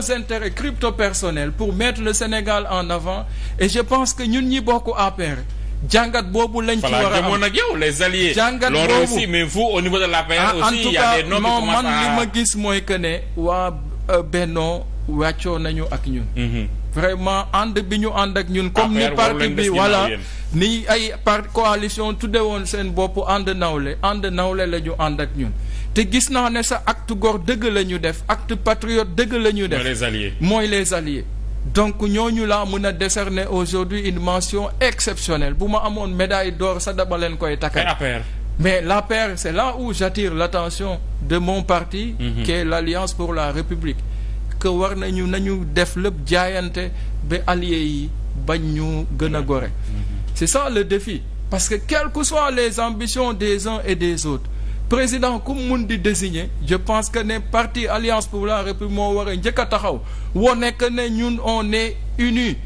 nos intérêts crypto personnels pour mettre le Sénégal en avant et je pense que ñun ñi bokk APR jàngat boobu lañ. ci war a yow les alliés. jàngat boobu au niveau de l'APR ah, aussi il y a des noms qui man li ma gis mooy que ne waa euh, Benno wàccoo nañu ak ñun. Mhm. vraiment ànd bi ñu ànd ak ñun comme ni parti bi voilà ni ay par coalition tudde woon seen bopp ànd nawle ànd nawle la ñu ànd ak ñun. te gis naa ne sa acte góor dëgg la ñu def acte patriote dëgg la ñu def les alliés mooy les alliés donc ñooñu laa mën a décerner aujourd'hui une mention exceptionnelle bu ma amoon médaille d'or sa dama leen koy takkal mais l'APR c'est là où j'attire l'attention de mon parti mm -hmm. qui est l'Alliance pour la République que war nañu nañu def lépp jaayante ba alliés yi bañ ñu gën a mhm. gore mhm. c'est ça le défi parce que quelles que soient les ambitions des uns et des autres président ku mun di désigner je pense que ne parti alliance pour la moo war a njëkk a taxaw woo nekk ne ñun on est unis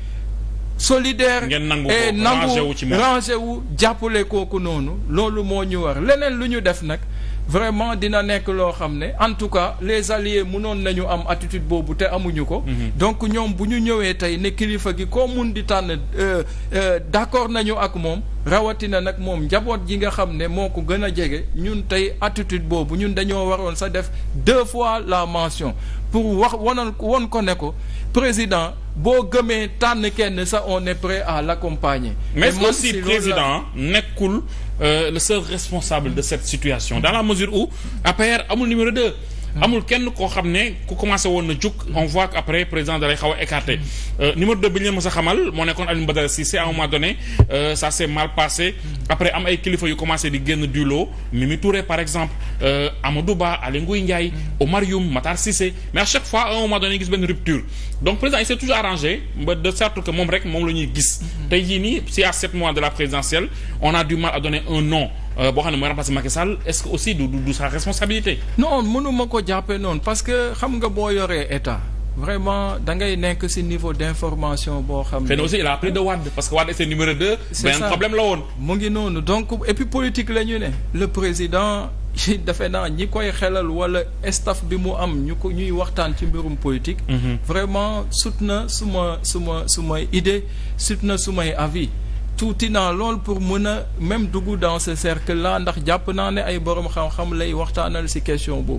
solidaire et nangu rangé wu jàppale kooku noonu loolu moo ñu war leneen lu ñu def nag vraiment dina nekk loo xam ne en tout cas les alliés mënoon nañu am attitude boobu te amuñu ko. Mhm. donc ñoom bu ñu ñëwee tey ne kilifa gi koo mun di tànn euh, euh, d'accord nañu ak moom rawatina nag moom njaboot ji nga xam ne moo ko gën a jege ñun tey attitude boobu ñun dañoo waroon sa def deux fois la mention pour wax wonal won ko ne ko président. boo gëmee tànn kenn sax on est prêt à l'accompagner. mais aussi président nekkul euh, le seul responsable de cette situation dans la mesure où APR amul numéro 2. amul kenn koo xam ne ku commencé woon na jug on voit que après président dalay xaw a écarté euh, numéro deux bi ñu a xamal moo nekkoon Alioune Badara Cissé à un moment donné euh, ça s'est mal passé après am ay kilifa yu commencé di génn du lot Mimi Touré par exemple euh, Amadou Ba Aly Ngouille Ndiaye Omar Youm Matar Cissé mais à chaque fois à un moment donné gis benn rupture donc président il s'est toujours arrangé ba de sorte que moom rek moom la ñuy gis tey jii nii si à sept mois de la présidentielle on a un nom Euh, boo xam ne mooy remplacer Macky Sall est-ce que aussi du du sa responsabilité. non mënuma ko jàppee noonu parce que xam nga boo yoree état. vraiment da ngay nekk ci niveau d'information boo xam ne. aussi il a appris de Wade parce que Wade c'est numéro deux. c'est ça benn problème la woon. mu ngi noonu donc la ñu ne. le président defe naa ñi koy xelal wala staff bi mu am ñu ko ñuy waxtaan ci mbirum politique. Mhm. vraiment sut na su ma suma ma idée sut na su may avis. tuuti naa lool pour mën a même dugg dans ce cercle là ndax jàpp naa ne ay borom xam-xam lay waxtaanal ci question boobu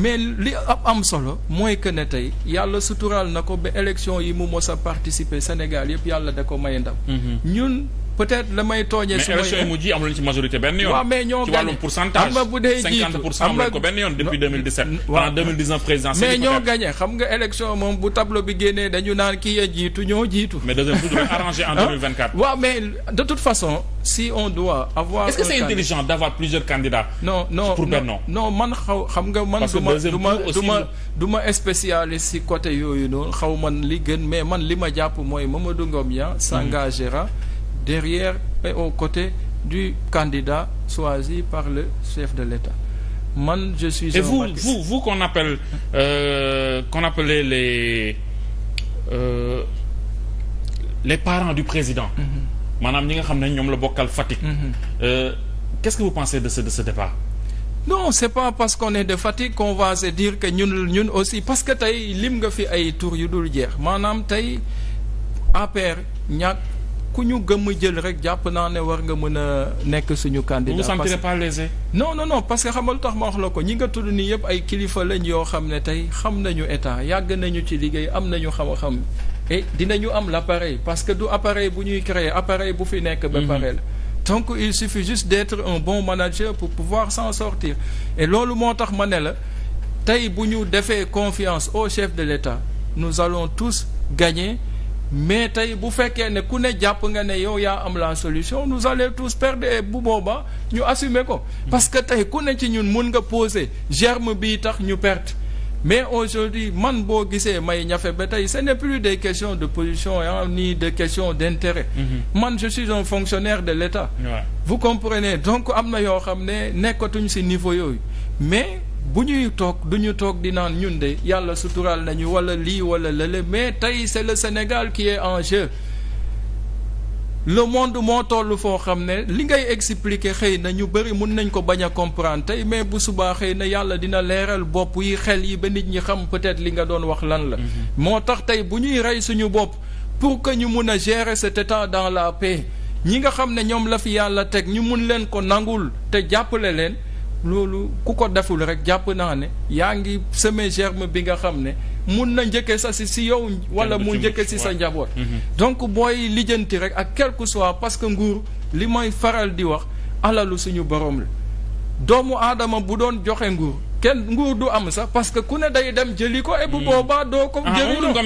mais li ab am solo mooy que ne tey yàlla suturaal na ko ba élection yi mu mos a participer Sénégal yëpp yàlla de ko may ndam mm-hmm. ñun peut-être la may su ma mais élection yi ci majorité benn yoon. waaw mais ñoo gagné ci na bu dee jiitu 50 pour cent xam nga élection moom bu tableau bi génnee dañu naan kii a jiitu ñoo jiitu. mais deuxième tour dafay arrangé en 2024. waaw mais de toute façon si on doit avoir. est-ce que c'est intelligent d'avoir plusieurs candidats. man xaw xam nga man. du ma ma du ma du ma spécialiste si côté yooyu noonu xaw man li gën mais man li ma jàpp mooy ma Mamadou Ngom ya s'engagera derrière au côté du candidat choisi par le chef de l'État man je suis. et vous vous vous qu'on appelle euh, les euh, les parents du président. Mhm. maanaam ñi nga xam ne ñoom la bokkal Fatick. Mhm. Euh, qu'est-ce que vous pensez de ce de ce départ. non c'est pas parce qu'on est de Fatick qu'on va se dire que ñun ñun aussi parce que tey lim nga fi ay tour yu dul jeex maanaam tey APR ñàkk. ku ñu gëm a jël rek jàpp naa ne war nga mën a nekk suñu candidat. vous vous sentirez pas lésé. non non non parce que xam nga lu tax ma wax la ko ñi nga tudd nii yëpp ay kilifa lañ yoo xam ne tey xam nañu état yàgg nañu ci liggéey am nañu xam-xam et dinañu am la appareil parce que du appareil bu ñuy créer appareil bu fi nekk. ba mhm. pare la donc il suffit juste d' être un bon manager pour pouvoir s'en sortir et loolu moo tax ma ne la tey bu ñu defee confiance au chef de l' état nous allons tous gagner. mais tey bu fekkee ne ku ne jàpp nga ne yow yaa am la solution nous allons tous perdre bu boobaa ñu assumer ko parce que tey ku ne ci ñun mun nga poser germe bii tax ñu perte mais aujourd'hui man boo gisee may ñafe ba tey ce n'est plus des questions de position ah ni de questions d'intérêt mm man je suis un fonctionnaire de l'État ouais. vous comprenez donc am na yoo xam ne nekkatuñ ci niveau yooyu mais bu ñuy toog du ñu toog di naan ñun de yàlla suturaal nañu wala lii wala lële mais tey c'est le Sénégal qui est en jeu le monde moo toll foo xam ne li ngay expliquer xëy na ñu bëri mun nañ ko bañ a comprendre tey mais bu subaa xëy na yàlla dina leeral bopp yi xel yi ba nit ñi xam peut-être li nga doon wax lan la. Mm-hmm. moo tax tey bu ñuy rey suñu bopp pour que ñu mun a gérer cet état dans la paix ñi nga xam ne ñoom la fi yàlla teg ñu mun leen ko nangul te jàppale leen. loolu ku ko deful rek jàpp naa ne yaa ngi semer germe bi nga xam ne mun na njëkkee sa si si yow wala mu njëkkee si sa njaboot mhm. donc booy lijjanti rek ak quel que soit parce que nguur li mooy faral di wax alalu suñu borom la doomu aadama bu doon joxe nguur kenn nguur du am sax parce que ku ne day dem jëli ko et mhm. boobaa doo ko ah, jëli